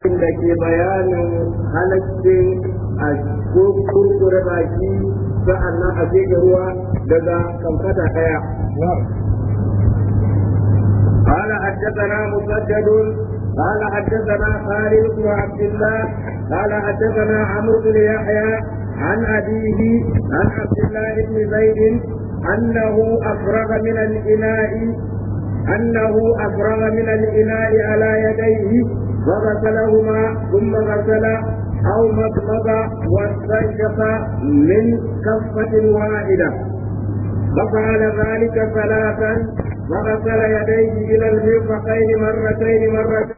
da ke bayanin halaccin a kurkure baki sa'annan a jega ruwa daga kamfata daya. قال حدثنا مسدد قال حدثنا خالد بن عبد الله قال حدثنا عمرو بن يحيى عن أبيه عن عبد الله بن زيد أنه أفرغ من الإناء أنه minan من Ala على يديه وغسلهما ثم غسل أو مضمض واستنشق من كفة واحدة ففعل ذلك ثلاثا وغسل يديه إلى المرفقين مرتين مرتين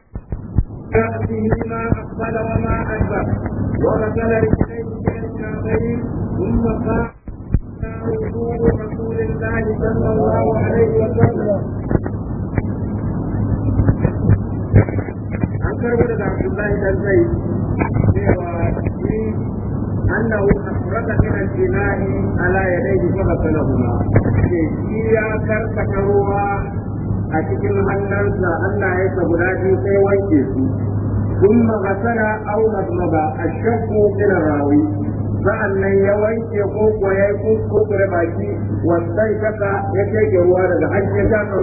كأسه ما أقبل وما أدبر وغسل رجليه إلى الكعبين ثم قال وجوه رسول الله صلى الله عليه وسلم karbo da Abdullahi dan Zai cewa shi annahu asraka min al-ina'i ala yadayhi fa qatalahuma ke shi ya karkata ruwa a cikin hannunsa Allah ya sa guda biyu sai wanke su ثم غسل أو مضمض الشك من الراوي sa'annan ya wanke ko ko ya yi kuskure baki wanda ya saka ya keke ruwa daga hajji ya saka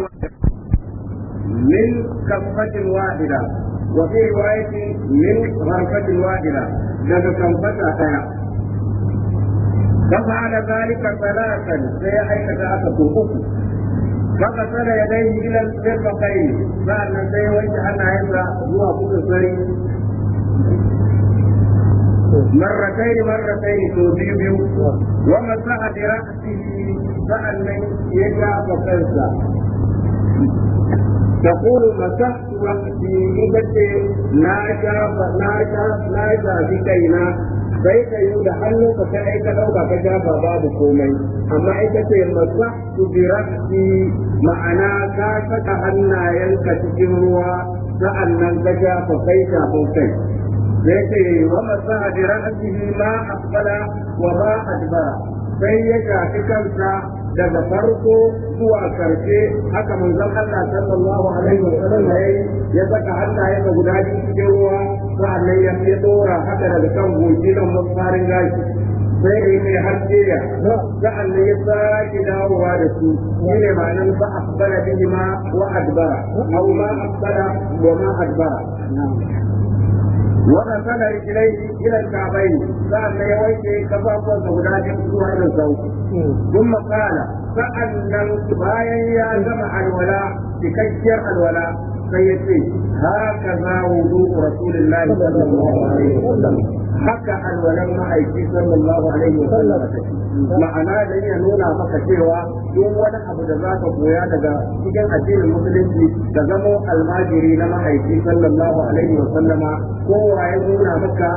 min kafatin wahida وفي رواية من غرفة واحدة لذا تنفتح فيها ففعل ذلك ثلاثا في سيحيك ثلاثة أخرى فغسل يديه إلى الكربقين فأنا سيوجد أن هذا هو أبو مرتين مرتين توبيبيو ومسح برأسه فأنا يجعب كنسا تقول مسحت وحدي نبتي na ناشا ناشا في كينا sai ka yi da hannun ka kai ka dauka ka babu komai amma ita ce masahtu bi ra'si ma'ana ka saka hannayenka cikin ruwa sa'annan ka shafa kai shafin kai sai ce wa masaha bi ra'sihi ma asfala wa ma adbara sai ya shafi kansa daga farko zuwa karshe haka manzon Allah sallallahu alaihi wasallam yayi ya saka hannayen ga guda biyu cikin ruwa sa'annan ya ya dora haka daga kan goji don mafarin gashi sai ya yi haske ya sa'annan ya saki dawowa da su shi ne ma'anar ba asbara bihi ma wa adbara ma wa ma adbara وغسل رجليه الى الكعبين سال يويه كفافا فهداك سوى الى الزوج ثم قال فأنا بايا يا جمع الولاء تكشر الولاء سيدي هكذا وضوء رسول الله صلى الله عليه وسلم haka alwalar ma'aiki sallallahu alaihi wa sallam ma'ana da ya nuna maka cewa duk wani abu da zaka koya daga cikin addinin musulunci da zamo almajiri na ma'aiki sallallahu alaihi wa sallama kowa ya nuna maka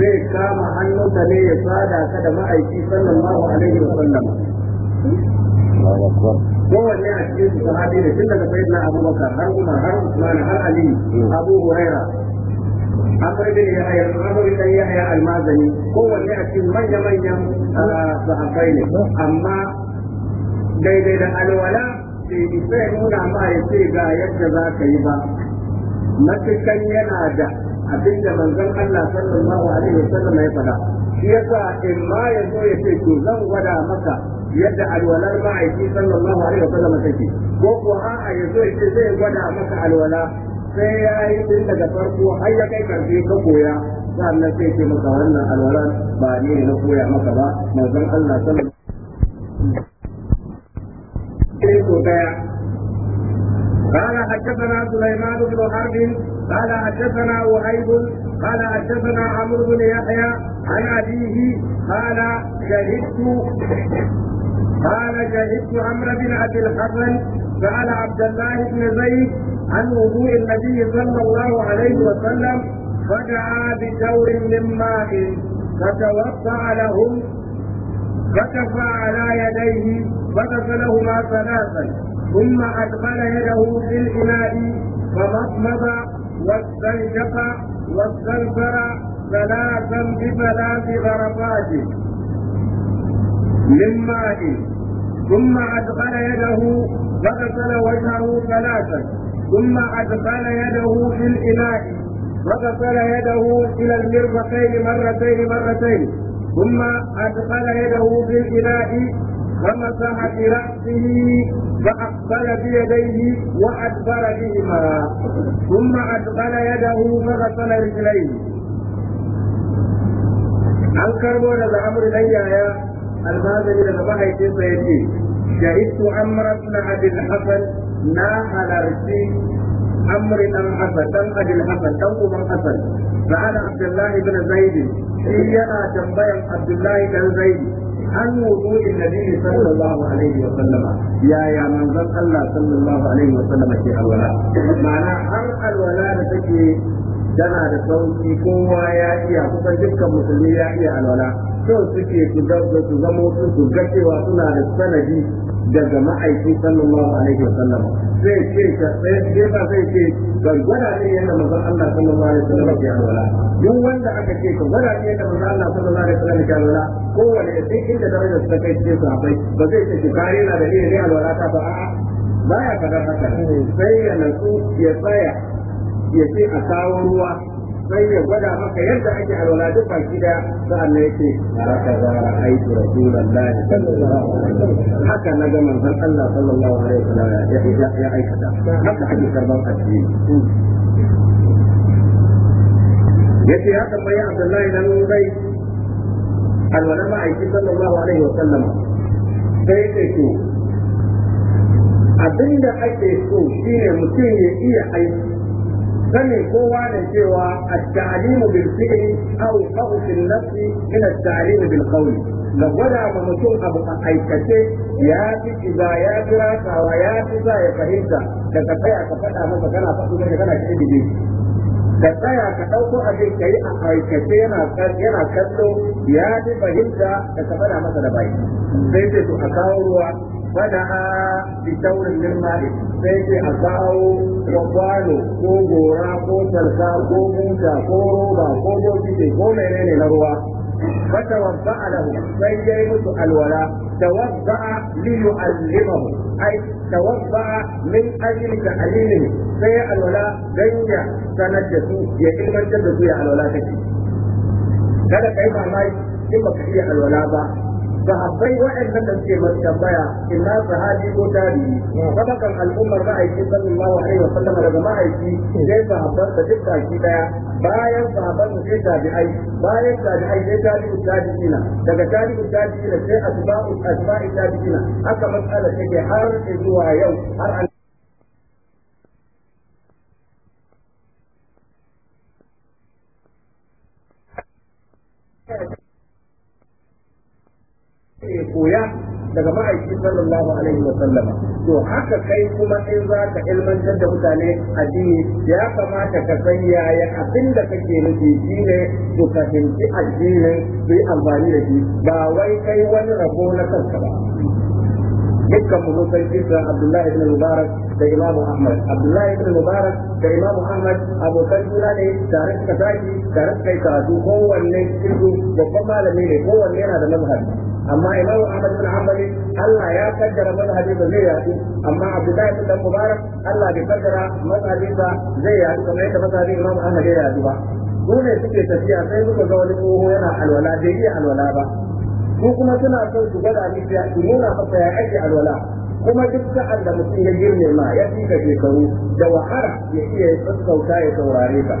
zai kama hannunsa ne ya sada ka da ma'aiki sallallahu alaihi wa sallama kowanne a cikin sahabi ne tun daga sayyidina abubakar har umar har usman har ali hmm. abu huraira amr bin yahya amr bin yahya al-mazani kowanne a cikin manya manyan sahabbai ne amma daidai da alwala sai isa nuna ma ya ce ga yadda za ka yi ba matukan yana da abin da manzon Allah sallallahu alaihi wasallam ya faɗa shi yasa in ma ya zo ya ce to zan gwada maka yadda alwalar ma'aiki sallallahu alaihi wasallam take ko kuwa a'a ya zo ya ce zai gwada maka alwala sai ya yi tun daga farko har ya kai karfe ka koya sannan sai ce maka wannan alwaran ba ni ne na koya maka ba manzon Allah sallallahu alaihi قال حدثنا سليمان بن حرب قال حدثنا وهيب قال حدثنا عمرو بن يحيى عن أبيه قال شهدت قال شهدت عمرو بن أبي الحسن سأل عبد الله بن زيد عن وضوء النبي صلى الله عليه وسلم فدعا بدور من ماء فتوضا لهم فكفى على يديه فغسلهما ثلاثا ثم ادخل يده في الاناء فمضمض واستنشق واستنفر ثلاثا بثلاث غرفات من ماء ثم ادخل يده فغسل وجهه ثلاثا ثم أدخل يده في الإناء وغسل يده إلى المرفقين مرتين مرتين ثم أدخل يده في الإناء ومسح برأسه فأقبل بيديه وأدبر بهما ثم أدخل يده فغسل رجليه an karbo الأمر إلى يا yaya إلى daga mahaifinsa ya ce shahidtu amr ibn abdul na halarci amr dan hasan dan abin hasan dan uban hasan sa'ala abdullahi bin zaid shi yana tambayan abdullahi dan zaid عن وضوء النبي صلى الله عليه وسلم يا يا من الله صلى الله عليه وسلم في Ma'ana معناه عن الولاء take. tana da sauki kowa ya iya kusan dukkan musulmi ya iya alwala sau suke su gaba su zama su ga cewa suna da sanadi daga ma'aiki sallallahu alaihi wa sallam zai ce ka sai ba sai ce ga gwada ne yadda manzon Allah sallallahu alaihi wa sallam ke alwala duk wanda aka ce ka gwada ne yadda manzon Allah sallallahu alaihi wa sallam ke alwala kowane da sai inda darajar ta kai ce sahabbai ba zai ce ki kare na da ne alwala ta ba a'a baya fadar haka mm. sai ya nasu ya tsaya ya ce a kawo ruwa sai ya gwada maka yadda ake alwala duk baki daya sa'an nan yake haka za a aiki rasulullahi sallallahu alaihi wasallam haka na ga manzon Allah sallallahu alaihi wa sallam ya aikata haka ake karban addini yace ya tambayi Abdullahi dan Ubay alwala ma'aiki sallallahu alaihi wa sallam. sai ya ce, abinda ake so shine mutum ya iya aiki sanin kowa ne cewa at-ta'limu bil fi'li aw qawl fil nafsi min at-ta'limu mutum abu a aikace ya fi kiza ya fi rasawa ya fi sa fahimta da ka ka faɗa masa kana faɗi da kana kiɗi ka tsaya ka ɗauko abin ka yi a aikace yana kallo ya fi fahimta da ka masa da bai sai ce to a kawo ruwa فدعا بثور من ماء سيدي أساو ربانو كو غورا كو تلقا كو موسى كو روبا كو بوكيتي كو منيني نروا فتوضع له سيئة الولاء توضع ليعلمه أي توضع من أجل تعليمه سيئة الولاء جنجا سنجسو يتم أن تدرسوا الولاء كثير kada kai mamaki in baka iya alwala sahabbai waɗannan da suke masu tambaya inna sahabi ko tabi'i kan al'ummar ma'aiki sallallahu alaihi wa sallama daga ma'aiki sai sahabban da duk baki ɗaya, bayan sahabban da sai tabi'ai bayan tabi'ai sai tabi'u tabi'ina daga tabi'u tabi'ina sai asba'u asba'i tabi'ina haka mas'ala take har zuwa yau har ke koya daga ma'aiki sallallahu alaihi wa sallama to haka kai kuma in za ka ilmantar da mutane addini ya kamata ka san yaya abin da kake nufi shine to ka fahimci addinin su yi amfani da shi ba wai kai wani rabo na kanka ba dukkan mu mun san Abdullahi ibn Mubarak da Imam Ahmad Abdullahi ibn Mubarak da Imam Ahmad abokan juna ne tare suka tashi tare suka yi karatu kowanne cikin babban malami ne kowanne yana da mazhabi amma Imam Ahmad ibn Hanbali Allah ya kaddara mazhabi ba zai yaɗu amma Abdullahi ibn Mubarak Allah bai kaddara mazhabi ba zai yaɗu kamar yadda mazhabi Imam Ahmad ya yaɗu ba. ne suke tafiya sai suka ga wani tsoho yana alwala bai iya alwala ba ko kuma suna son su gwada miki ya su nuna masa ya ake alwala kuma duk sa'an da mutum ya girme ma ya fi ga shekaru da wahala ya iya ya sassauta ya saurare ka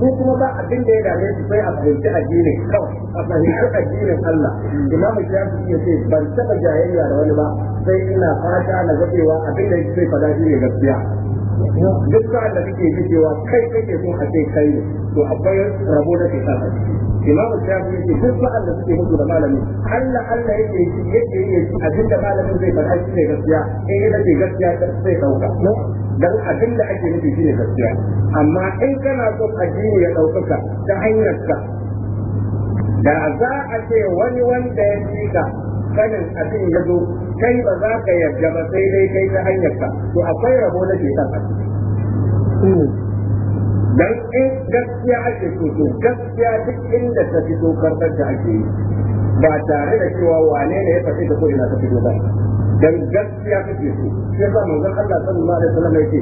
ko kuma ba abin da ya dame su sai a fahimci addinin kawai a fahimci addinin Allah imamu shafi ya ce ban taɓa jayayya da wani ba sai ina fata na ga cewa abin da yake fada shi ne gaskiya duk sa'an da kake ji cewa kai kake son a ce kai ne to akwai rabo da ke sa a imamu shafi yake duk sa'an da suke mutu da malami Allah Allah yake yi yake yi abin da malamin zai faɗa shi ne gaskiya in yana ce gaskiya sai dauka dan abin da ake nufi shi ne gaskiya amma in kana son addini ya ɗaukaka ta hanyar ka da za a ce wani wanda ya ji ka sanin abin ya zo kai ba za ka yarda ba sai dai kai ta hanyar to akwai rabo na ke kan ciki dan in gaskiya ake so to gaskiya duk inda ta fito karɓar da ake yi ba tare da cewa wane ne ya faɗi da ko ina ta fito ba dan gaskiya kake so sai ba manzon Allah sallallahu alaihi wasallam yake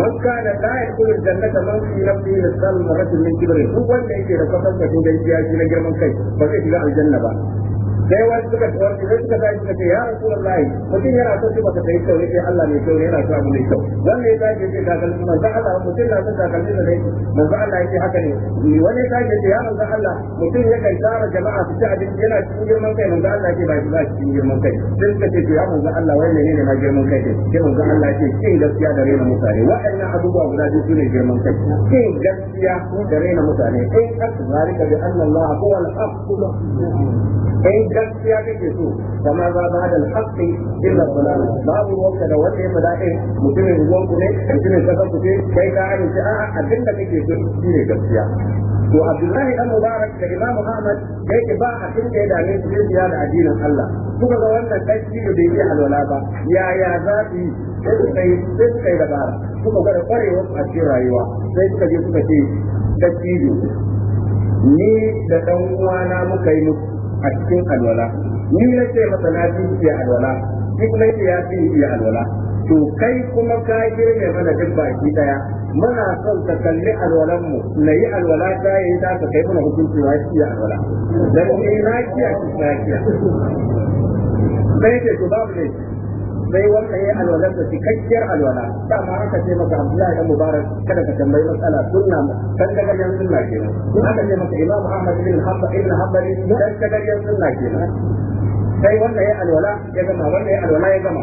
man kana la yakulu jannata man fi nafsihi salmaratu min kibri duk wanda yake da kasan da gaskiya shi na girman kai ba zai shiga aljanna ba sai wani suka warke sai suka tashi suka ce ya rasulullahi mutum yana son shi baka tayi kyau sai Allah mai kyau yana so abu mai kyau wanda ya tashi yake takalmi manzo Allah mutum na son takalmi da yake manzo Allah yake haka ne wani ya tashi yake ya manzo Allah mutum ya kai tsara jama'a su ci abinci yana cikin girman kai manzo Allah yake ba shi ba cikin girman kai sai suka ce ya manzo Allah wannan ne ma girman kai ne sai manzo Allah yake kin gaskiya da raina mutane waɗannan abubuwa guda biyu sune girman kai kin gaskiya da raina mutane in ka zalika bi anna Allah huwa al-haqq gaskiya kake so kama za ba da alhaqqi illa dalal babu wanka da wanda ya fada din mutumin ruwan ku ne mutumin kasan ku ce kai ka amince a'a abin da kake so shine gaskiya to Abdullahi dan Mubarak da Imam Ahmad yake ba a cikin da dame su ne da addinin Allah kuka ga wannan dan ciwo bai yake alwala ba yaya za su yi sai su sai dabara kuka ga kwarewa a cikin rayuwa sai suka je suka ce ni da dan uwana muka yi musu a cikin alwala ni ya ce masa na fi ya alwala ni kuma ya fi ya alwala to kai kuma ka girme mana duk baki daya muna son ka kalli alwalan mu na yi alwala ta yi ta ka kai mana hukunci wa shi alwala dan ni na kiya ki na kiya to babu ne sai wanda ya alwala da cikakkiyar alwala ma aka ce maka Abdullahi dan Mubarak kada ka tambayi matsala sunna kan daga yan sunna kenan aka ce maka Imam Ahmad bin Hanbal ibn Hanbal dan daga yan sunna kenan sai wanda ya alwala ya gama wanda ya alwala ya gama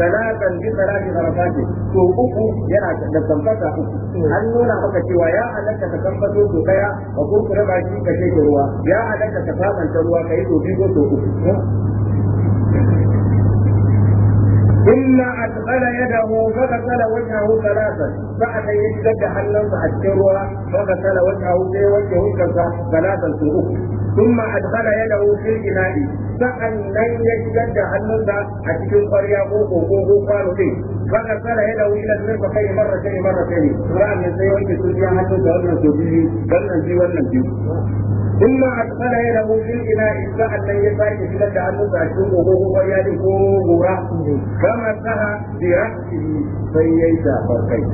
salatan bi salati to uku yana da tambata uku an nuna maka cewa ya halatta ka tambato to daya ka kurkure baki ka sheke ruwa ya halatta ka sabanta ruwa kai to biyu to uku إلا أدخل يده فغسل وجهه ثلاثا بعد يشتد حلم الشروع فغسل وجهه في وجهه كذا to uku. ثم أدخل يده في الإناء سأل فأنن يجد هنوزا أتكون قرية بوكو بوكو قالوا فيه فأدخل يده إلى المرفقين مرتين مرتين وأن يسيوي بسجيا هنوزا وأن سجيه وأن سجيه وأن سجيه ثم أدخل يده في الإناء سأل يسيوي يجد هنوزا أتكون بوكو قرية بوكو فمسها برأسه فييسا فرقين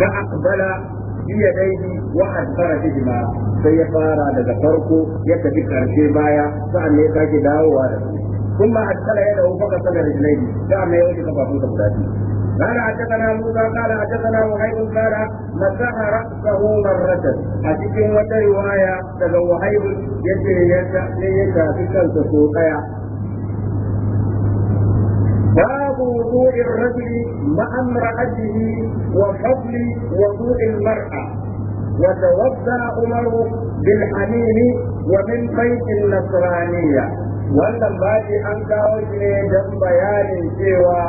فأقبل iya daidi wa asfara hijima sai ya fara daga farko ya tafi karshe baya sa'an ya sake dawowa da su kun ma asfara ya dawo faka sana da jilai da mai yau shiga bakun da guda biyu kada a jaka na musa kada da jaka na wahayun kada na sa'a rasa homar rasar a cikin wata riwaya daga wahayun yadda ya tafi kansa so daya وسوء الرجل مع امرأته وفضل وسوء المرأة وتوضأ عمر بالحميم ومن بيت النصرانية wannan baji an kawo shi ne don bayanin cewa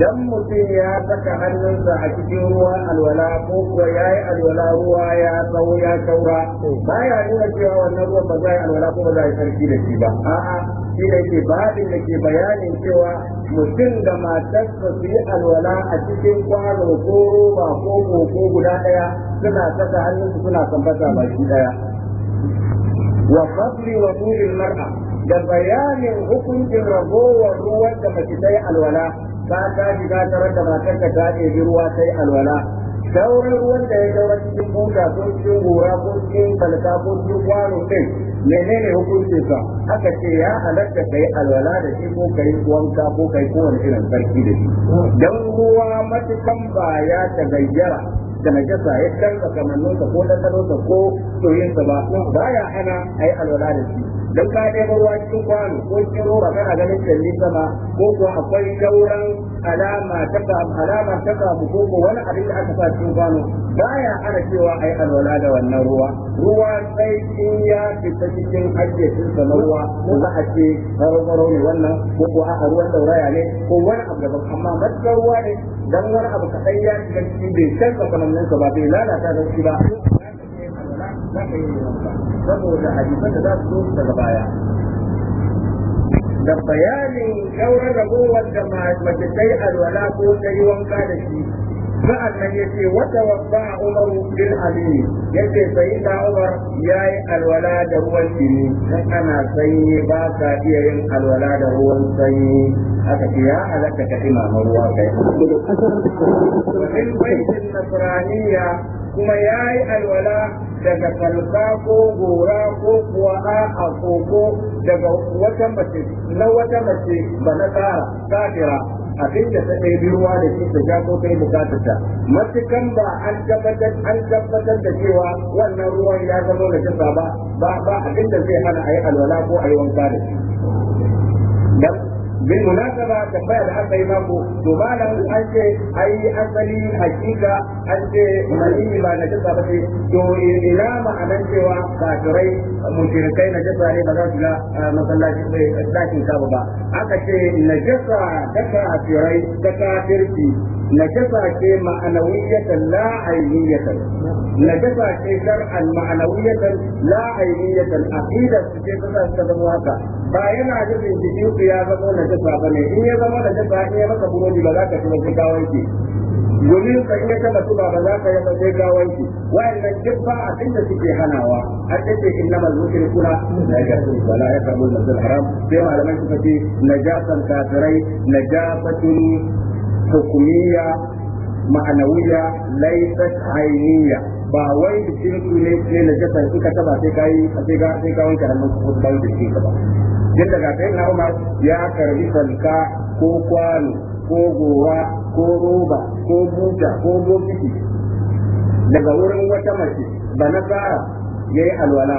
don mutum ya saka hannunsa a cikin ruwa alwala ko kuwa ya yi alwala ruwa ya tsawo ya saura ba ya nuna cewa wannan ruwan ba za a yi alwala ko ba za a yi sarki da shi ba a'a shi da ke babin da ke bayanin cewa mutum da matarsa su yi alwala a cikin kwano ko roba ko koko guda ɗaya suna saka hannunsu suna sambata baki ɗaya wa fasli wa tulil mar'a da bayanin hukuncin ragowar ruwan da mace ta yi alwala ba ta shiga tarar da matar ka ta ɗebi ruwa ta alwala sauran ruwan da ya daura cikin buta ko cikin gora ko cikin kalka ko cikin kwano ɗin menene hukuncin sa aka ce ya halatta yi alwala da shi ko kai wanka ko kai kowane irin sarki da shi dan ruwa matukan baya ta gayyara da najasa ya canza kamanninsa ko ɗanɗanonsa ko soyayyarsa ba baya hana a yi alwala da shi don ka ɗebo ruwa cikin kwano ko cikin roba kana ganin tsalli sama ko kuwa akwai sauran alama ta alama ta kamu ko ko wani abin da aka sa cikin kwano ya hana cewa a yi alwala da wannan ruwa ruwa sai in ya fita cikin hajjacin sa na ruwa ko za a ce tsaro ne wannan ko ko a ruwan dauraya ne ko wani abu daban amma matsar ruwa ne dan wani abu kaɗan ya shiga cikin bai canza kamannin sa ba bai lalata da shi ba saboda hadisan da za su zo daga baya da bayanin kaurar ragowar da mace ta yi alwala ko ta yi wanka da shi sa'an nan ya ce wata wabba a umaru bin aliyu ya ce sayi da umar ya yi alwala da ruwan jini dan ana sanyi ba ka iya yin alwala da ruwan sanyi haka ce ya halatta ka imama ruwa kai. Wajen baitin nasraniya kuma ya yi alwala daga salka ko gora ko kuwa a koko daga wata mace na wata mace ba na tsara kafira abin da ta ɗaya ruwa da shi ta ja ko kai bukatarta matukan ba an tabbatar an tabbatar da cewa wannan ruwan ya zama da kasa ba ba abin da zai hana a yi alwala ko a yi wanka da shi bil munasaba bayar da aka yi mako to malam an ce ai asali hakika an ce mani ba na jasa ba ce to ina ma'anar cewa kafirai mushrikai na jasa ne ba za su ga masallaci sai eh, dakin kaba ba aka ce na jasa ta kafirai ta kafirci najasa ce ma'anawiyatan la ainiyatan najasa ce shar'an ma'anawiyatan la ainiyatan aqida su ce ta ta zama haka ba yana nufin jikin su ya zama najasa bane in ya zama najasa in ya maka burodi ba za ka ci wasu gawanki domin ka iya taba tuba ba za ka yi ba sai gawanki wayannan duk ba abin da suke hanawa har take inna mazmukin kuna haram sai hukumiya ma'anawiyya laifin hainiya ba wai da ne ne na jasa in ka taba sai kai sai ga sai ka wanke hannun ba da shi ba din daga kai na Umar ya karbi salka ko kwano ko gowa ko roba ko buta ko bokiti daga wurin wata mace ba na fara yayi alwala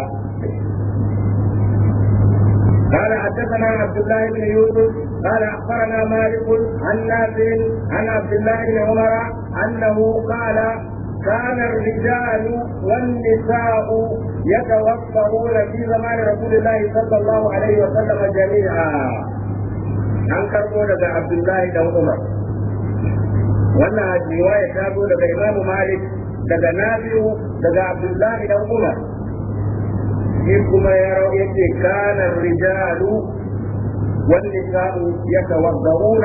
قال حدثنا عبد الله بن يوسف قال اخبرنا مالك عن نافع Rijalu, عبد الله ya عمر انه قال كان الرجال والنساء يتوفرون في زمان رسول الله صلى الله عليه وسلم جميعا an karbo daga abdullahi dan wannan riwaya ta zo daga imamu malik daga nafi'u daga abdullahi dan umar shi kuma ya yake kana rijalu والنساء يتوضؤون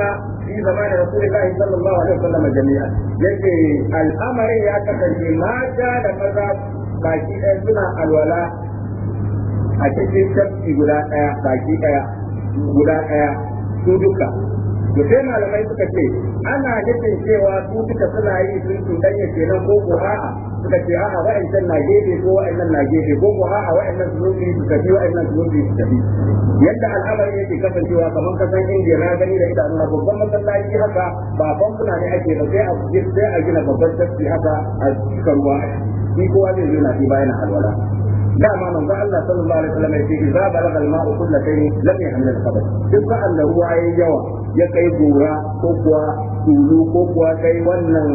في زمان رسول الله صلى الله عليه وسلم جميعا يجي الامر يا كفر ما كان مذهب baki ɗaya suna alwala a cikin tafki guda ɗaya baki duka sai malamai suka ce ana nufin cewa su suna yi sun cuɗanya kenan ko ko a'a suka ce a'a wa'ancan na gefe ko wa'annan na gefe ko ko a'a wa'annan su zofi su tafi wa'annan su zofi su tafi yadda al'amari yake kasancewa kamar kasan indiya na gani da idanu na babban masallaci haka ba bankuna ne ake da sai a sai a gina babban tafsi haka a cikin ruwa shi kowa zai zo na fi bayan alwala dama من ذا الله صلى الله عليه وسلم balagha al بلغ الماء كل yahmil لم يحمل duk sa'an da ruwa yayi yawa ya kai gora ko kuwa tulu ko kuwa kai wannan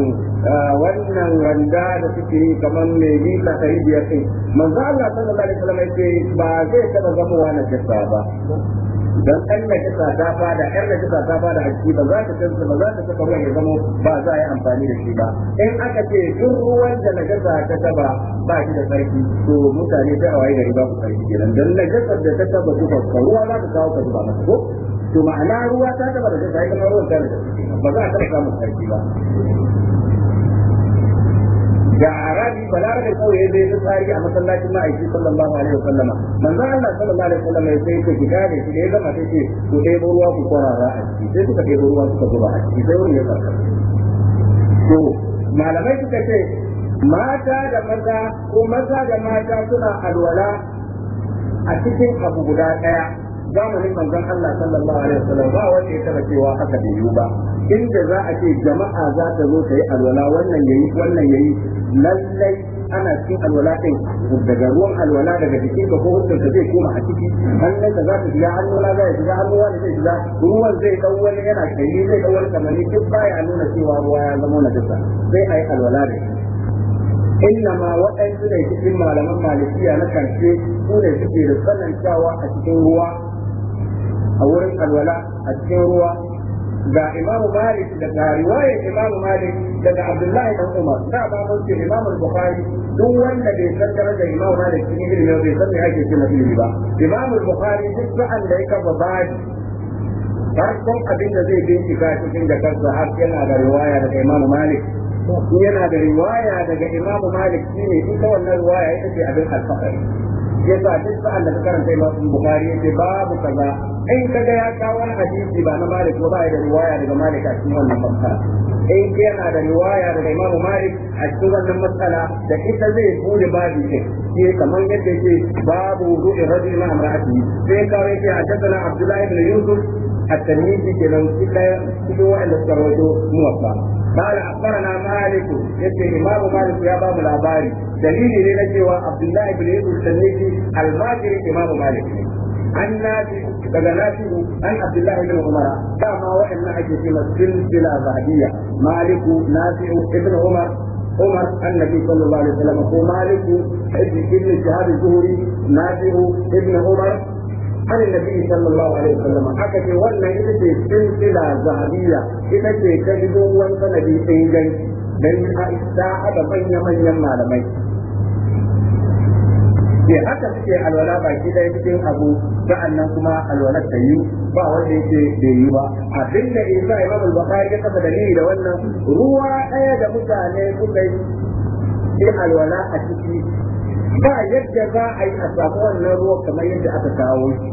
ah, wannan randa da suke yi kamar me bi ta kai biya kai manzo Allah sallallahu alaihi wasallam ba zai taba zama na ba dan Allah ya sa ta fada yar da kisa ta fada hakki ba za ta kansa ba za ta saka ruwan ya zama ba za a yi amfani da shi ba in aka ce duk ruwan da najasa ta taba ba shi da sarki to mutane sai a waye gari ba ku sarki kenan dan najasar da ta taba duka ruwa za ta kawo ka zuba masa ko to ma'ana ruwa ta taba da ta sai ruwan ta ba za a taba samun sarki ba da arabi balarabe kawai ya zai tsari a masallacin ma'aiki sallallahu alaihi wasallam manzo Allah sallallahu alaihi wasallam ya sai ki da shi da ya gama sai ce ku dai ruwa ku ra a ciki sai suka dai ruwa suka zuba a ciki sai wani ya farka to malamai suka ce mata da maza ko maza da mata suna alwala a cikin abu guda daya zamanin manzon Allah sallallahu alaihi wasallam ba wanda ya taba cewa haka da yiwu ba inda za a ce jama'a za ta zo ta yi alwala wannan yayi wannan yayi lallai ana cin alwala din daga ruwan alwala daga jikin ka ko hukun ka zai koma a ciki Lallai ka za ka shiga hannuna za ya shiga hannuwa zai shiga ruwan zai dau wani yana kai zai dau wani duk baya nuna cewa ruwa ya zama na jasa sai yi alwala da shi ma waɗansu ne cikin malaman malikiya na karshe su ne suke da tsanantawa a cikin ruwa a wurin alwala a cikin ruwa ga imamu malik da ga riwayar imamu malik daga abdullahi dan umar da ba mun ce imamu bukhari duk wanda bai san darajar imamu malik cikin ilimin bai san me ake ce na ilimi ba imamu bukhari duk sa'an da ya kafa babi farkon abin da zai bincika cikin da kansa har yana da riwaya daga imamu malik yana da riwaya daga imamu malik shine ita wannan riwaya ita ce abin alfahari yasa duk sa'an da ka karanta Imam Bukhari yace babu kaza in ka ya kawo wani hadisi ba na Malik ba ya da riwaya daga Malik a cikin wannan matsala in yana da riwaya daga imamu Malik a cikin wannan matsala da ita zai bude babu ce ke kamar yadda ke babu ru'in rajul ma amra'ati sai kawo yake haddathana Abdullahi ibn Yusuf at-Tirmidhi ke nan kuma wa'anda suka rawaito muwaffa قال أخبرنا مالك يسي إمام مالك يا باب الأباري دليل جوا عبد الله بن يوسف السنيسي الماجري إمام مالك عن نافي daga عن عبد الله بن عمر كما وان ake في silsila zahabiyya maliku مالك ibn ابن عمر النبي صلى الله عليه وسلم مالك ابن الشهاب الزهري نافع ابن عمر عن النبي صلى الله عليه وسلم حكى في وانا إذا سلسلة ذهبية إذا تجدوا وانت نبي إنجل من أئساء من يمع لمن ke haka suke alwala ki ɗaya cikin abu nan kuma alwalar ta yi ba wanda yake bai yi ba abin da isa imam bukhari ya kafa dalili da wannan ruwa ɗaya da mutane suka yi alwala a ciki ba yadda za a yi a samu wannan ruwa kamar yadda aka kawo shi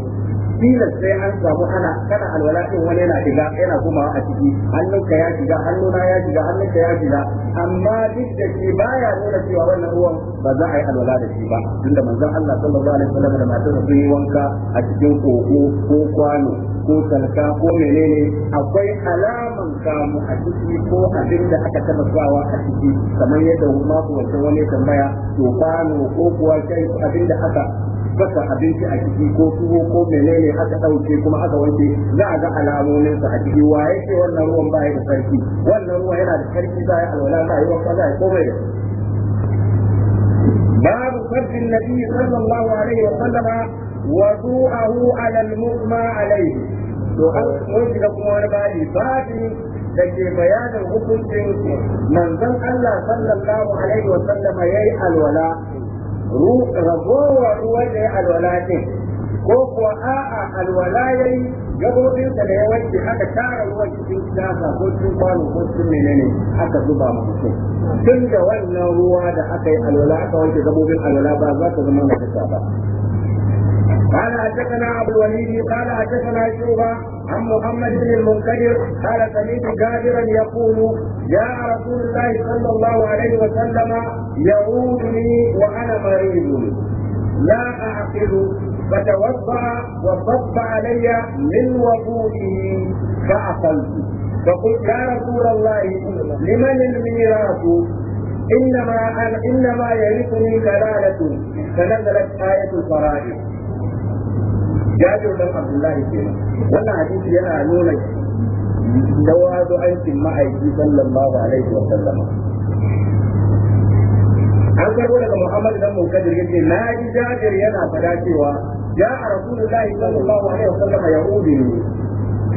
tilas sai an samu ana kana alwala din wani yana shiga yana kuma a ciki hannunka ya shiga hannuna ya shiga hannunka ya shiga amma duk da shi baya nuna cewa wannan ruwan ba za a yi alwala da shi ba tunda manzon Allah sallallahu alaihi wasallam da matar sun yi wanka a cikin koko ko kwano ko talka ko menene akwai alaman kamu a ciki ko abin da aka taba sawa a ciki kamar yadda ma ku wani tambaya to kwano ko kuwa kai abin da aka saka abinci a ciki ko tuwo ko menene aka dauke kuma aka wanke za a ga alamomin sa a ciki waye ce wannan ruwan ba ya da sarki wannan ruwan yana da sarki za a alwala za a wanka za a yi komai da باب صرف النبي صلى الله عليه وسلم وضوءه على المغمى عليه to an mun shiga kuma wani babi babi da ke bayanin hukuncin manzon Allah sallallahu alaihi wa sallama yayi alwala ragowa ruwan da ya alwala din ko kuwa a'a alwala ya yayi gabobinsa da ya wanke aka tara ruwan cikin kasa ko cikin kwano ko cikin menene aka zuba musu tun da wannan ruwa da aka yi alwala aka wanke gabobin alwala ba za ta zama najasa ba قال حدثنا ابو الوليد قال حدثنا شعبه عن محمد بن المنكدر قال سمعت جابرا يقول جاء رسول الله صلى الله عليه وسلم يعودني وأنا مريض لا أعقل فتوضأ وصب علي من وضوئه فأقلت فقلت يا رسول الله لمن الميراث إنما أنا إنما يرثني كلالة فنزلت آية الفرائض جابر بن عبد الله كيما وانا حديث ينا نونا دواد أنت معي صلى الله عليه وسلم an karbo daga Muhammad dan Munkadir yace na ji Jabir yana fada cewa ya Rasulullah sallallahu alaihi wasallam yahudi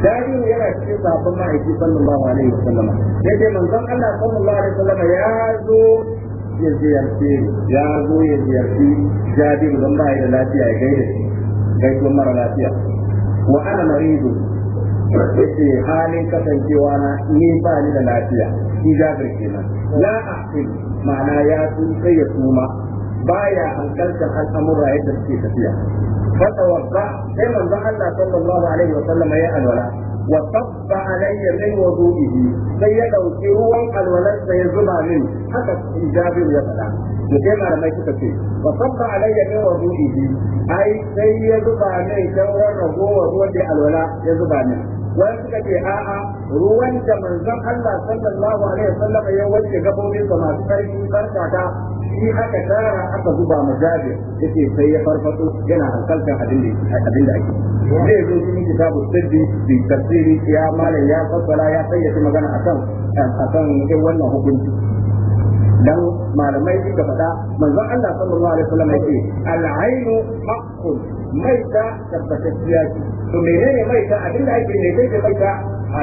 Jabir yana cikin sabon ma'aiki sallallahu alaihi wasallam yace manzon Allah sallallahu alaihi wasallam ya zo ya ziyarce ya zo ya ziyarci Jabir dan ba da lafiya ya gaida shi gaisuwar mara lafiya wa ana maridu yace halin kasancewa na ni ba ni da lafiya shi Jabir kenan la ahsin ma'ana ya tsuntsa ya kuma baya hankalta al'amura yadda suke tafiya fatawabba sai manzon Allah sallallahu alaihi wa sallam ya alwala wa tabba alayya min wudu'ihi sai ya dauki ruwan alwalarsa ya zuba min haka jabir ya faɗa da sai malamai suka ce wa sabba alayya min wudu'ihi ai sai ya zuba ne sauran ragowar ruwan da alwala ya zuba ne wani suka ce a'a ruwan da manzon Allah sallallahu alaihi wasallam ya wanke gabobin ga masu karfi barkata shi aka tara aka zuba majabi yace sai ya farfaso yana hankaltar abin da abin da ake zai zo cikin kitabu sirri bi tafsiri ya malam ya fassara ya fayyace magana akan akan wannan hukunci dan malamai suka faɗa manzon Allah sallallahu alaihi wasallam yake al-ainu haqqun mai ta tabbatacciya ce to menene mai ta abinda ake ne sai mai ta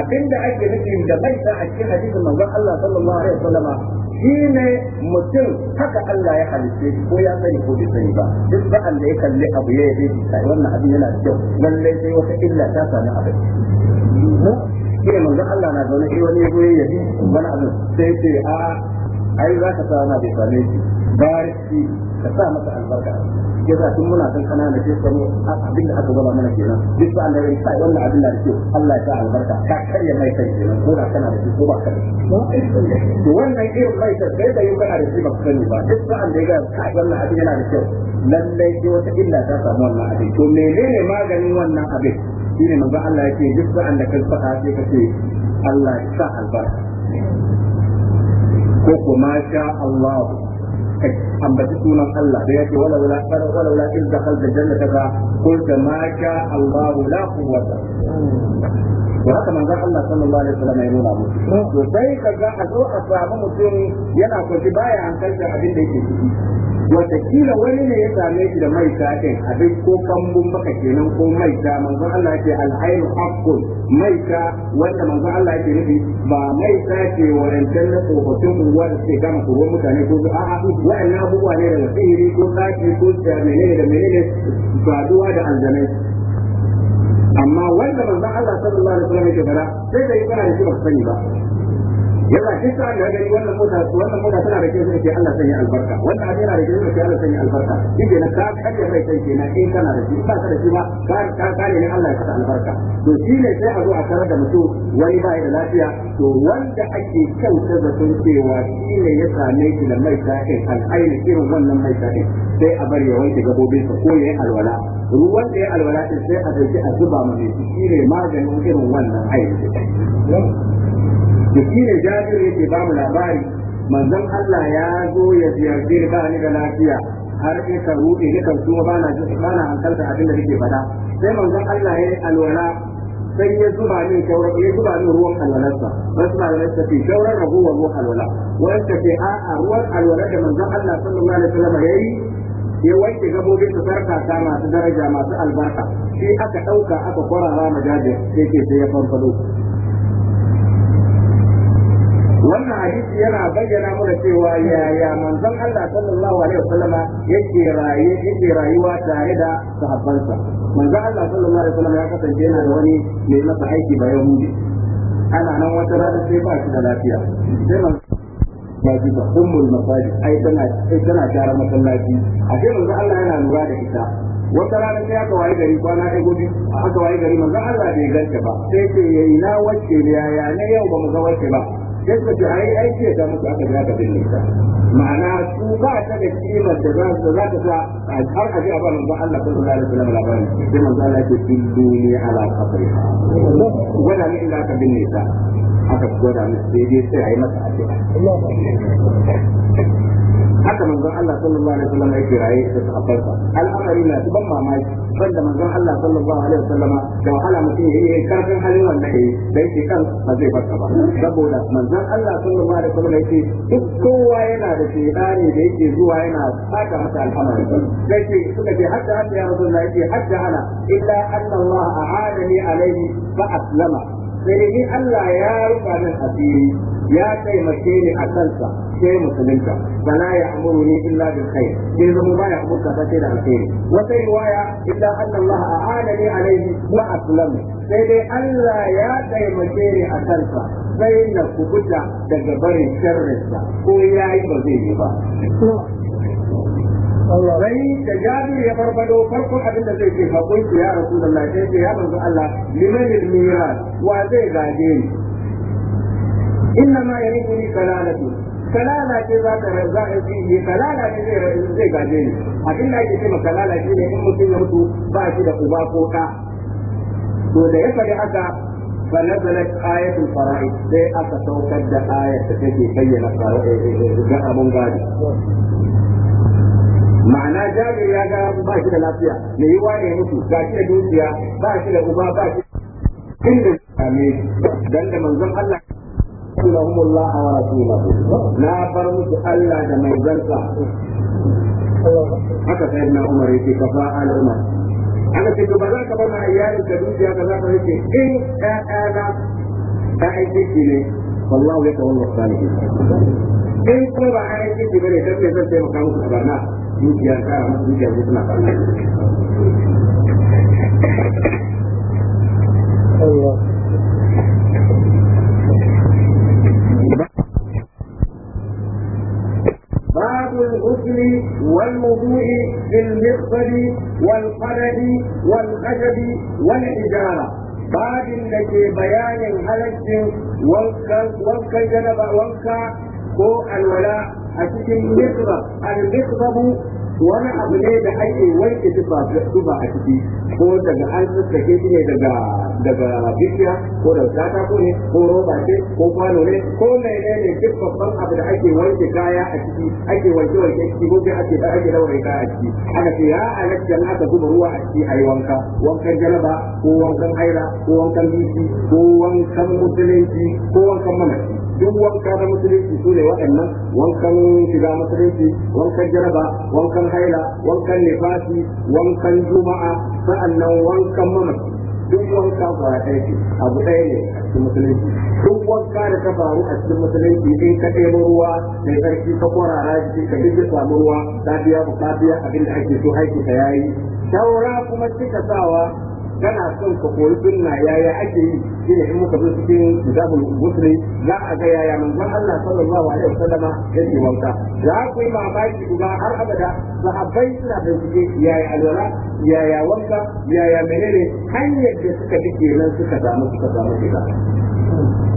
abinda ake nufi da mai ta a cikin hadisin manzon Allah sallallahu alaihi wasallam shine mutum haka Allah ya halice shi ko ya sani ko bai sani ba duk sa'an da ya kalli abu ya yi sai wannan abin yana da kyau lalle sai wata illa ta sami abin shi manzon Allah na zaune shi wani ya ya yi wani abin sai ce a ai za ka sa wani bai same shi barci ka sa masa albarka ke za tun muna san kanana ke sani abin da aka gaba mana kenan duk ba Allah ya sa wannan abin da ke Allah ya sa albarka ka karya mai kai kenan ko da kana da shi ko ba ka da to wannan irin mai ta sai da yau kana da shi ba ka sani ba duk ba Allah ya ga wannan abin yana da kyau lallai ke wata illa ta samu wannan abin to menene maganin wannan abin shine manzo Allah yake duk ba Allah ka faɗa sai ka ce Allah ya sa albarka ko kuma sha Allah kai ambaci sunan Allah da yake wala wala kar wala wala iz dakhal da jannata ka ko da ma sha Allah la quwwata wa haka manzon Allah sallallahu alaihi wasallam ya nuna mu to sai kaga a zo a samu mutum yana kwanci baya hankalta abin da yake ciki watakila wani ne ya same shi da mai ɗin abin ko kambun maka kenan ko mai ta manzon Allah ce alhayu haqqun mai ta wanda manzon Allah yake nufi ba mai ta ce warantar na tsofaffin unguwa da suke gama kurwan mutane ko a'a wa'annan abubuwa ne daga sihiri ko tsaki ko da menene da menene faduwa da aljanai amma wanda manzon Allah sallallahu alaihi wasallam yake fara sai da yi fara da shi ba sani ba yana kisa da gari wannan mota wannan mota tana da kyau sai Allah sanya albarka wannan abin yana da kyau sai Allah sanya albarka shi ke ka kaje mai kai kenan in kana da shi ba ka da shi ba ka ka kare ne Allah ya saka albarka to shi ne sai a zo a karar da mutum wani ba da lafiya to wanda ake kyauta zaton cewa shi ne ya same shi da mai sa'in al'aini irin wannan mai sa'in sai a bari ya wanke gabobinsa ko ya yi alwala ruwan da ya alwala sai a dauki a zuba mai shi ne maganin irin wannan aini da shi ne jabir yake ba mu labari manzon Allah ya zo ya ziyarce ba ni da lafiya har in ka rufe ni kan kuma ba na ba hankalta abin da kake faɗa sai manzon Allah ya yi alwala sai ya zuba min shaurar ya zuba min ruwan alwalarsa wasu malamai suka ce shaurar ragowar ruwan alwala wanda ke a'a ruwan alwalar da manzon Allah sallallahu alaihi wasallam ya yi ya wanke gabobin su sarkata masu daraja masu albarka shi aka ɗauka aka kwarara majajin sai ke sai ya fanfado wannan hadisi yana bayyana mana cewa yaya manzon Allah sallallahu alaihi wasallama yake rayuwa yake rayuwa tare da sahabbansa manzon Allah sallallahu alaihi wasallama ya kasance yana da wani mai masa aiki ba yahudi ana nan wata rana sai ba shi da lafiya sai manzon ya ji ba ummul masaji ai tana ai tana gyara masallaci a sai manzon Allah yana lura da ita wata rana sai aka waye gari kwana ɗaya gobe aka waye gari manzon Allah bai ganta ba sai ce yayi na wacce ne yaya ne yau ba mu ga wacce ba yadda da ai aiki da musu aka ja ka binne ma'ana su ba ta da kimar da za su ta sa har a ji a barin ba Allah da alaihi ba labarin sai manzo Allah ke dillu ne ala qabri wala ne illa ka binne a aka gwada musu daidai sai ai masa addu'a haka manzon Allah sallallahu alaihi wasallam yake raye da sahabbansa al'amari na ban mamaki banda manzon Allah sallallahu alaihi wasallam da wahala mutum ya yi karfin halin wannan yayi da yake kan ba zai farka ba saboda manzon Allah sallallahu alaihi wasallam yake duk kowa yana da shedani da yake zuwa yana saka masa al'amari sai ce suka ce hatta hatta ya rasulullahi yake hatta ana illa anna Allah a'adani alaihi fa aslama sai ni Allah ya rufa min asiri ya taimake ni a kansa sai musulunta bala ya amuru ni illa bil khair sai zama baya umurka ba sai da alkhairi wata riwaya illa anna Allah a'anani alaihi wa aslamu sai dai Allah ya taimake ni a kansa sai na kubuta daga barin sharrinsa ko yayi ba zai yi ba sai da jabir ya farfado farko abin da zai ce fa kuntu ya rasu rasulullahi sai ce ya manzo Allah liman al-miras wa zai gaje ni inna ma ni kalalatu kalala ce za ta za a ciki ne kalala ne zai zai gaje ni abin da yake cewa kalala shi ne in mutum ya mutu ba shi da uba ko ka to da ya faɗi haka فنزلت آية الفرائض سي أتتوكد آية تتجي بين الفرائض من غادي ma'ana jabir ya ga ba shi da lafiya me yi wane mutu ga shi da dukiya ba shi da uba ba shi inda same dan da manzon Allah اللهم الله ورسوله لا فرمت الا دمي زرقا haka sai na umar yake ka fa al umar ana ce ba za ka bana iyalin ka dukiya ka za ka yake in ɗaya ta aiki ki ne wallahu ya tawalla salihin in ko ba aiki ki bane dan me zan taimaka muku a barna باب الغسل والوضوء في المغفر والقرد والخشب والحجارة باب التي بيان الهلج والكجنب والكا هو الولاء a cikin misra al-misrabu wani abu ne da ake wanke zuba a ciki ko daga an sassake shi ne daga bishiya ko da ko ne ko roba ce ko kwano ne ko mene ne duk babban abu da ake wanke kaya a ciki ake wanke wanke ciki ko sai ake ake daure kaya a ciki ana ce ya alaka na aka zuba ruwa a ciki ayi wanka wankan jaraba ko wankan haira ko wankan bishi ko wankan musulunci ko wankan manaki duk wanka na musulunci su ne waɗannan wankan shiga musulunci wankan jaraba wankan haila wankan nifasi wankan juma'a sa'annan wankan mamaki, duk wanka ba ɗaya ce abu ɗaya ne a cikin musulunci duk wanka da ta faru a cikin musulunci in ka ɗebo ruwa mai tsarki ka kwarara jiki ka duk samu ruwa ta biya abin da ake so aiki ka yayi shaura kuma cika sawa kana son ka koyi sunna yaya ake yi ne in muka zo cikin kitabul muslim za a ga yaya manzon Allah sallallahu alaihi wasallama yake wanka za ku yi mamaki kuma har abada sahabbai suna bincike yaya alwala yaya wanka yaya menene hanyar da suka bi nan suka samu suka samu shiga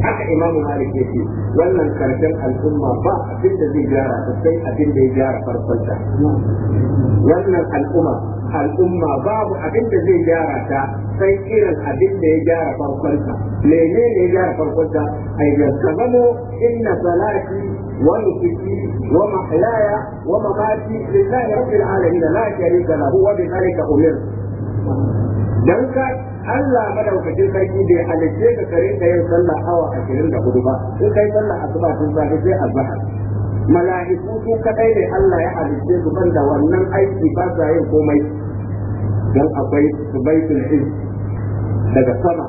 haka imamu malik ya ce wannan karshen al'umma ba abin da zai gyara ta sai abin da ya gyara farkon ta wannan al'umma al'umma babu abin da zai gyara ta sai irin abin da ya gyara farkon ta lene ne ya gyara farkon ta ai ya zamo inna salati wa nusuki wa mahyaya wa mamati lillahi rabbil alamin la sharika lahu wa bi dhalika umir dan ka Allah madaukakin sarki bai halicce ka kare ka yin sallah awa ashirin da hudu ba in kai sallah asuba tun safe sai azhar mala'iku su kadai ne Allah ya halicce su banda wannan aiki ba sa yin komai dan akwai subaitul iz daga sama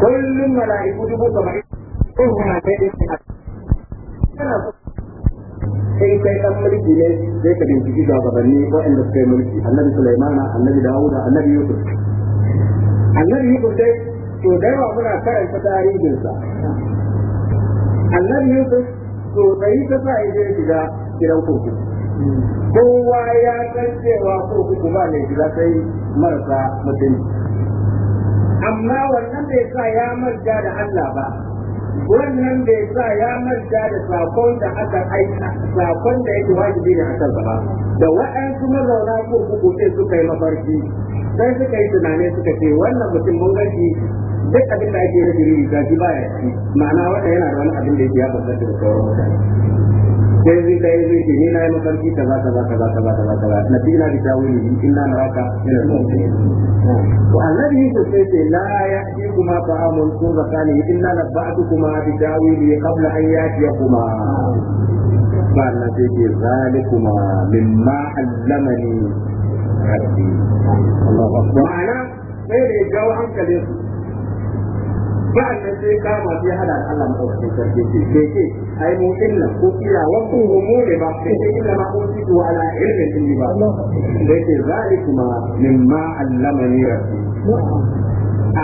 kullum mala'iku dubu saba'in ko kuma dai kana sai kai dan mulki ne sai ka binciki shugabanni waɗanda suka yi mulki annabi sulaimana annabi dawuda annabi yusuf annabi yusuf dai to da yawa muna karanta tarihinsa annabi yusuf to yi ta sa ya shiga gidan kurkuku kowa ya san cewa kurkuku ba ne shiga sai marasa mutum amma wannan bai sa ya manta da Allah ba wannan da ya sa ya manta da sakon da aka aika sakon da yake wajibi ne a kan ba da wa'ansu mazauna ko kuku sai suka yi mafarki sai suka yi tunani suka ce wannan mutum mun gashi duk abin da ake yi da ba baya ci ma'ana wannan yana da wani abin da yake ya bambanta da sauran mutane sai zai kai zai ce ni na yi mafarki kaza kaza kaza kaza kaza kaza na fi na bisa wuri inna naraka ina da to annabi yusuf sai ce la ya ji kuma fa amun kun zakani inna nabba'tukuma bi tawili qabla an yatiyakuma fa annabi ce zalikuma mimma allamani rabbi Allahu akbar ma'ana sai da ya jawo hankalin su sa'annan sai kama sai hada Allah madaukakin sarki ce ke a yi mu inna ko ila wa ku mu ne ba sai ce ila ma ko ci wa ala ilmin inni ba da yake zalikuma mimma allamani rabbi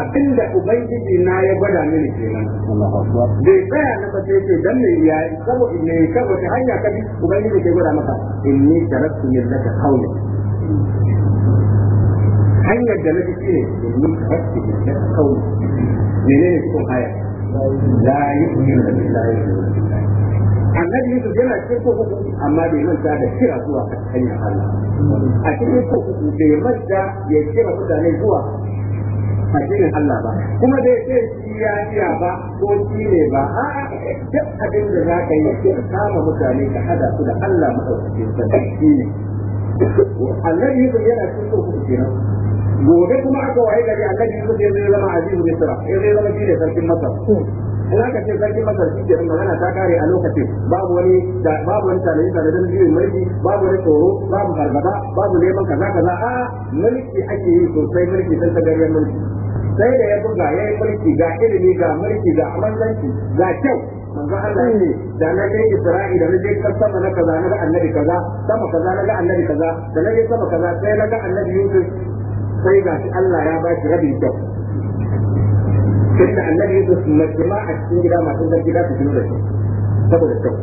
abinda ubangiji na ya gwada mini kenan bai tsaya na ba sai ce dan me ya saboda me saboda hanya ka bi ubangiji ke gwada maka inni taraktu millata qawli hanyar da nake shine inni taraktu millata qawli menene cikin aya la yu'minu billahi annabi Yusuf yana cikin kokoko amma bai manta da kira zuwa hanyar Allah a cikin kokoko bai manta ya kira mutane zuwa addinin Allah ba kuma da yake shi ya iya ba ko shi ne ba a duk abin da za ka yi ka kama mutane ka hada su da Allah madaukakin sarki ne annabi Yusuf yana cikin kokoko kenan gobe kuma aka waye gari annabi Yusuf ya zai zama azizu Misra ya zai zama shine sarkin Masar in aka ce sarkin Masar shi ke magana ta kare a lokacin babu wani babu wani tanayi tanayin juyin mulki babu wani tsoro babu fargaba babu neman kaza kaza a mulki ake yi sosai mulki ta tagariyar mulki sai da ya buga ya yi mulki ga ilimi ga mulki ga amanzanci ga kyau manzo Allah ne da na kai Isra'i da na je sama na kaza na ga annabi kaza sama kaza na ga annabi kaza da na je sama kaza sai na ga annabi Yusuf sai ga shi Allah ya ba shi rabin kyau tunda annabi Yusuf majma a cikin gida masu zargi za su shiru da shi saboda kyau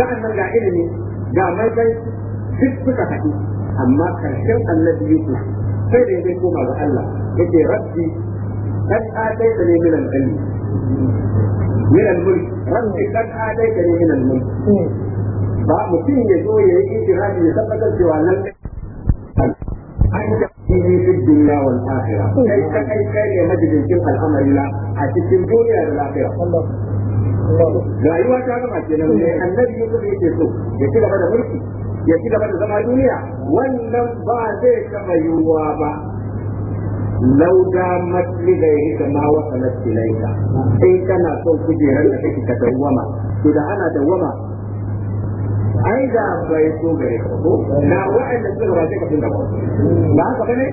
sa'annan ga ilimi ga maifai duk suka faɗi amma karshen annabi Yusuf sai da zai koma ga Allah yake rabbi قد آتيتني من العلم من الملك ربي قد ne minan الملك ba mutum ya zo ya yi ikirari ya tabbatar cewa nan Ajiyar fi duniya wa al'afira. Kai ka kai kai ne majalisin al'amari na a cikin duniya da lafiya. Rayuwa ta gama ke nan, annabi yanzu da yake so, ya ci gaba da murki. ya ci gaba da zama duniya, wannan ba zai kama yiwuwa ba. Lau da matli da yake da mawa sanar sai kana son kujerar da kake ka dawwama, to da ana dawwama ai da bai so gare ka ko na wa'anda suka gabace ka tunda ba haka bane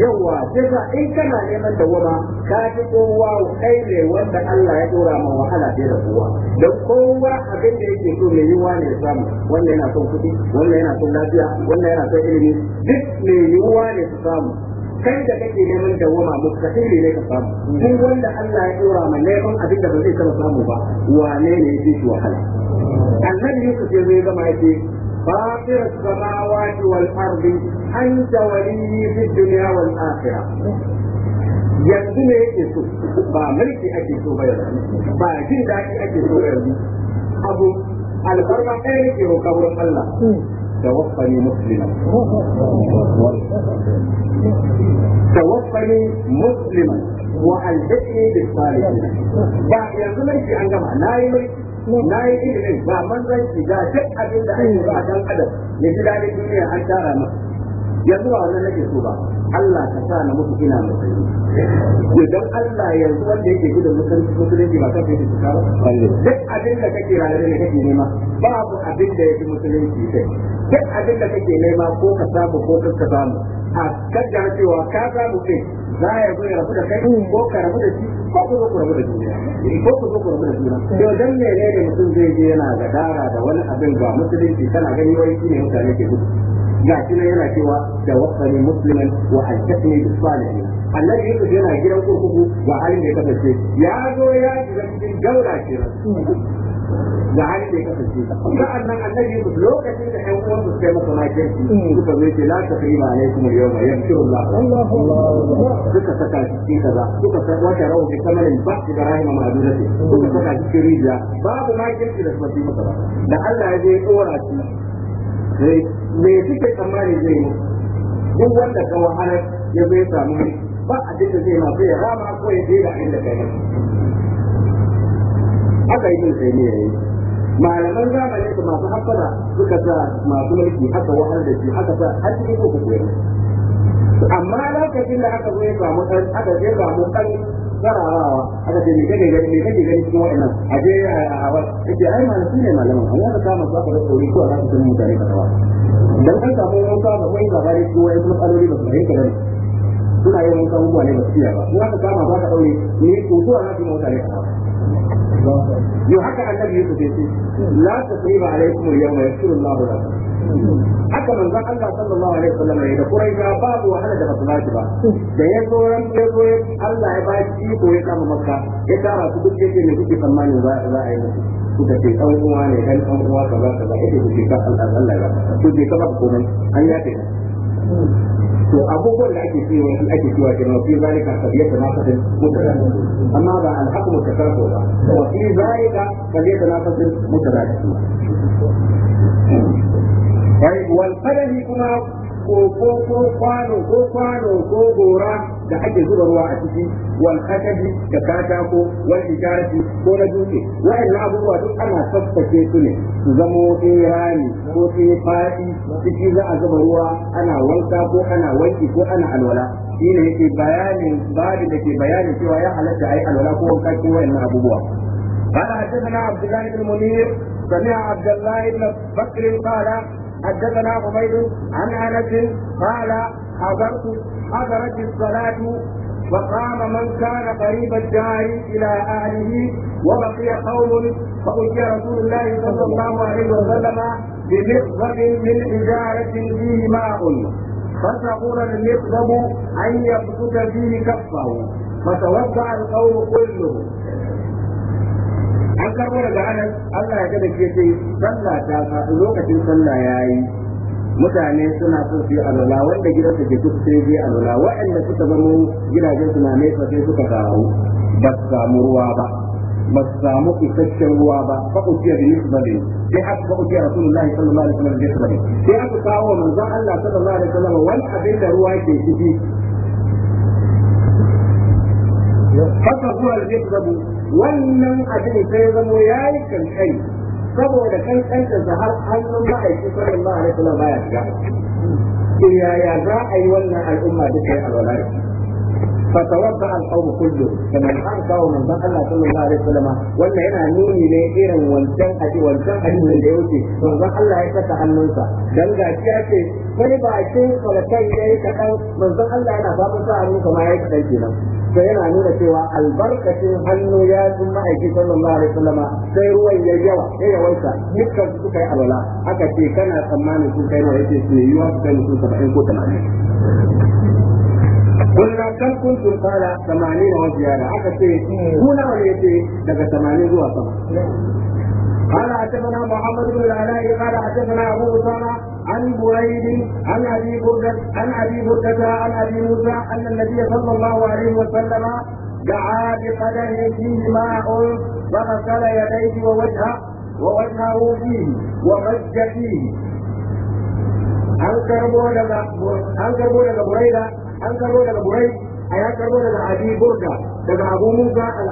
yawa sai ka in kana neman dawama ka ji kowa kai ne wanda Allah ya dora ma wahala fiye da kowa dan kowa abin da yake so mai yiwa ne ya samu wanda yana son kuɗi wanda yana son lafiya wanda yana son ilimi duk mai yiwa ne su samu kai da kake neman dawama mustahili ne ka samu duk wanda Allah ya dora ma neman abin da ba zai taba samu ba wane ne yake shi wahala annabi Yusuf ya zai gama yake fatir samawati wal an anta waliyyi fid dunya wal akhirah yanzu ne yake so ba mulki ake so ba yanzu ba jin daɗi ake so yanzu abu alfarma ɗaya nake wa wurin Allah توفني مسلما توفني مسلما وألحقني بالصالحين بعد an gama na yi يملكي na yi ilimin ba manzanci ga duk abin da ake ba dan adam ya ji daɗin duniya an tara masa yanzu ba wannan nake so ba Allah ka sa na mutu ina musulmi idan Allah yanzu wanda yake gudun musulunci musulunci ba kanka yake cika ba duk abin da kake rayuwa ne kake nema babu abin da yake musulunci kai duk abin da kake nema ko ka samu ko ka samu a kaddara cewa ka samu kai za ya zo ya rabu da kai ko ka rabu da shi ko ku zo ku rabu da juna ko ku zo ku rabu da juna to dan ne mutum zai je yana gadara da wani abin ga musulunci kana gani wai shine mutane ke gudu ga nan yana cewa da tawaffani musulman wa alhaqni bis salihin annabi Yusuf yana gidan kurkuku ga halin da ya kasance ya zo ya shiga cikin daura kenan da hali da ya kasance sa'an nan annabi Yusuf lokacin da ƴan uwan suka yi masa makirci suka zo ce la taqriba alaikum al-yawma yamshiru Allah suka saka shi cikin kaza suka saka wata rawu bi kamalin ba da rahima ma'adudati suka saka shi cikin rijiya babu makirci da suka yi masa da Allah ya je ya dora shi Eh, me suke tsammani zai yi duk wanda ka wahalar ya bai samu ba a da zai ma sai ya rama ko ya daina inda kai haka yi sai ne yayi malaman zamani da masu hafara suka sa masu mulki aka wahalar da shi aka sa har cikin ko ku amma lokacin da aka zo ya samu dan aka samu tsarawa aka ce me kake gani me kake gani cikin wa'annan a je a wa yace ai malamin ne malamin A ga kama su aka da tsori ko aka tsanin mutane ka dan kan samu mun ka da mun labari ko wai kuma kalori ba su fahimta ba suna yin mun abubuwa ne ba su iya ba in aka kama ba ka daure ni ko ko aka tsanin mutane ka yau haka annabi yusuf ya ce la tasriba alaikum al-yawma yaghfiru Allahu haka manzon Allah sallallahu alaihi wasallam ne da Quraiza babu wahala da basu bashi ba da ya zo ran ya zo Allah ya bashi iko ya kama Makka ya tara su duk yake ne kuke tsammanin za a yi musu suka ce dan uwa ne dan dan uwa kaza kaza yake kuke ka Allah Allah ya kuke ka ba komai an ya ce to abubuwan da ake cewa shi ake cewa ke mafi zalika sabiyata na fasin mutarafi amma ba alhaku mutarafi ba wa fi zalika sabiyata na fasin mutarafi ai wal kuma ko ko ko kwano ko kwano ko gora da ake zuba ruwa a ciki wal hakaji da katako wal ijarati ko na dutse wa'annan abubuwa duk ana tsaftace su ne su zamo irani ko faɗi ciki za a zuba ruwa ana wanka ko ana wanki ko ana alwala shi ne yake bayanin babin da ke bayanin cewa ya halatta ayi alwala ko wanka ko wa'annan abubuwa قال حدثنا عبد الله بن منير سمع عبد الله بن حدثنا عبيد عن انس قال حضرت حضرت الصلاه وقام من كان قريب الدار الى اهله وبقي قوم فاتي رسول الله صلى الله عليه وسلم بمقصد من حجاره فيه ماء فسقر المقصد ان يبسط فيه كفه فتوضا القوم كلهم an karbo daga ana Allah ya kada ke ce sallah ta faɗi lokacin sallah yi mutane suna so su yi alola wanda su ke duk sai yi alola waɗanda suka zama gidajen su na nesa sai suka kawo ba su samu ruwa ba ba su samu isasshen ruwa ba da utiya ba ne sai aka fa utiya rasulullahi sallallahu alaihi wasallam ba ne sai haka kawo manzon Allah sallallahu alaihi wasallam wani abin da ruwa ke ciki fasa kuwa zai zabo wannan abin sai zamo ya yi kankani saboda kankanta da har hannun ma'aiki sallallahu alaihi wasallam baya shiga yaya za a yi wannan al'umma duka alwala فتوضا القوم كله كما قال قوم من الله صلى الله عليه وسلم wannan yana nuni ne irin wancan aji wancan hadisin da yake manzon Allah ya saka hannunsa dan ga shi yake wani bakin kwalatai yayi kadan Allah yana babu sa hannu kuma yayi kadan kenan to yana nuna cewa albarkacin hannu ya tun ma'aiki sallallahu alaihi wasallama sai ruwan ya yawa ya yawaita dukkan su kai alwala aka ce kana tsammanin su kai nawa yake su yiwa su kai mutum 70 ko 80 قلنا كم كنتم قال 80 وزيادة أكثر هنا وليتي لك 80 زوا قال حدثنا محمد بن العلاء قال حدثنا ابو اسامه عن بريد عن ابي برده عن ابي برده عن ابي موسى ان النبي صلى الله عليه وسلم دعا بقدره فيه ماء فغسل يديه ووجهه ووجهه فيه ومج فيه an karbo daga an karbo daga buraida an karbo daga burai a ya karbo daga abi burda daga abu musa al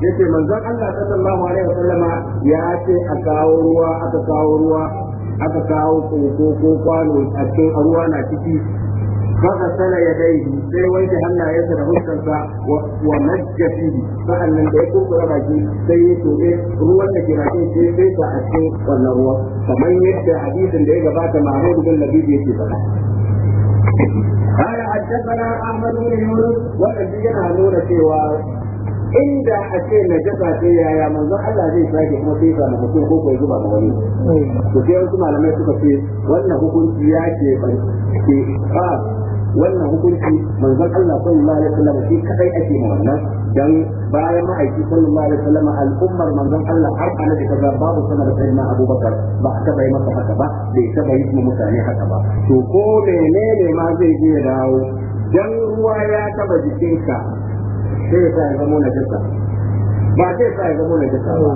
ya ce manzon Allah sallallahu alaihi sallama ya ce a kawo ruwa aka kawo ruwa aka kawo koko ko kwano a cikin ruwa na ciki ya يديه sai wanke hannayensa da fuskarsa wa majjafi fihi nan da ya kokura baki sai ya tobe ruwan da ke bakin sai ya fesa a cikin wannan ruwa kamar yadda hadisin da ya gabata Mahmud bin Nabi yake faɗa حدثنا احمد بن يونس وانا نونا سوى inda a ce na jasa ce yaya manzo Allah zai sake kuma sai ka maka ko ko zuba ma wani to sai wasu malamai suka ce wannan hukunci ya ke ban ke fa wannan hukunci manzo Allah sallallahu alaihi wasallam shi kadai ake ma wannan dan bayan ma'aiki sallallahu alaihi wasallam al'ummar manzon Allah har ana da kaza babu sama da sayyidina Abubakar ba aka bai masa haka ba bai taba yi mu mutane haka ba to ko menene ma zai je dawo dan ruwa ya taba ka sai ya sa ya zama na jasa ba zai sai ya zama na jasa ba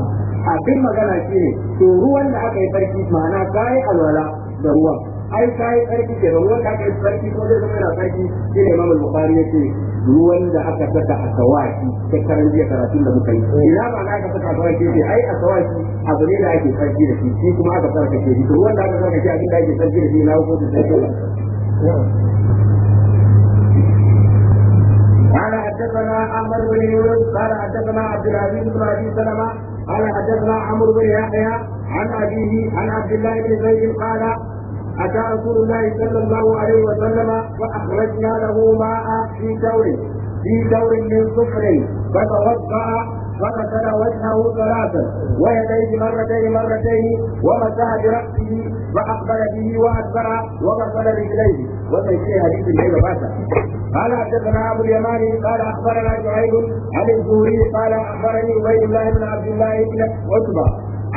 abin magana shine to ruwan da aka yi farki ma'ana kai alwala da ruwan ai kai tsarki ke ruwan da aka yi ko zai zama yana tsarki shi ne bukhari yace ruwan da aka saka a sawaki ta karan jiya karatun da muka yi ina ba aka saka a sawaki ce ai a sawaki abu ne da ake sarki da shi shi kuma aka tsarka ke shi ruwan da aka saka shi abin da ake da shi na hukunta sai ko قال حدثنا عمرو بن يونس قال حدثنا عبد العزيز بن ابي سلمه قال حدثنا عمرو بن يحيى عن ابيه عن عبد الله بن زيد قال أتى رسول الله صلى الله عليه وسلم وأخرجنا له ماء في دور في دور من صفر فتوضأ فغسل وجهه ثلاثا ويديه مرتين مرتين ومسح برأسه فأقبل به وأدبر وغسل رجليه ومن شيء حديث الليل فاتا قال حدثنا أبو اليماني قال أخبرنا شعيب عن الزهري قال أخبرني أبي الله بن عبد الله بن عتبة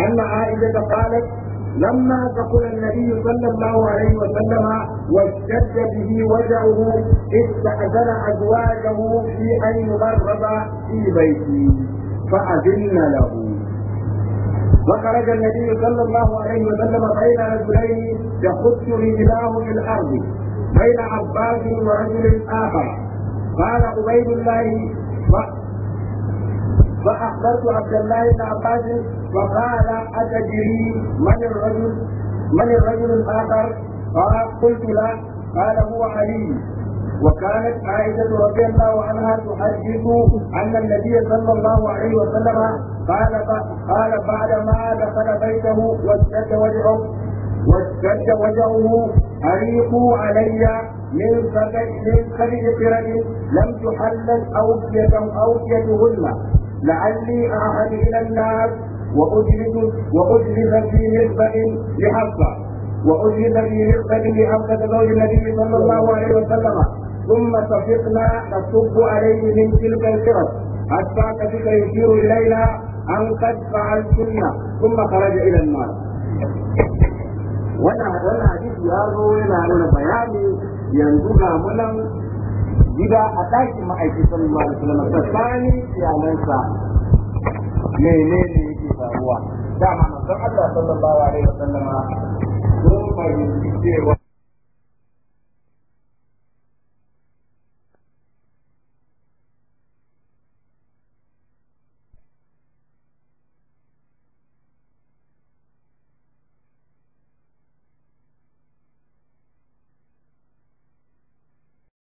أن عائشة قالت لما ثقل النبي صلى الله عليه وسلم واشتد به وجعه استأذن أزواجه في أن يغرب في بيته فأذن له وخرج النبي صلى الله عليه وسلم بين رجلين يخص رجلاه في الأرض بين عباس ورجل آخر قال عبيد الله أخبرت عبد الله بن عباس وقال أتدري من الرجل من الرجل الآخر قال قلت لا قال هو علي وكانت عائشة رضي الله عنها تحدث أن النبي صلى الله عليه وسلم قال قال بعدما دخل بيته واشتد وجهه واشتد وجهه أريقوا علي من من خلق قرن لم تحلل أوكية أوكيتهن لعلي أعهد إلى الناس وأجلس وأجلس في نسبة لحفصة وأجلس في نسبة لحفصة زوج النبي صلى الله عليه وسلم ثم صفقنا نصب عليه من تلك الفرص حتى كفك يشير إلينا أن قد فعلتن ثم خرج إلى النار. ولا ولا حديث يا رويل على nuna bayani yanzu gida a ɗakin ma'aiki sallallahu alaihi wasallam tsakanin iyalansa menene yake faruwa dama manzon Allah sallallahu alaihi wasallama ko mai cewa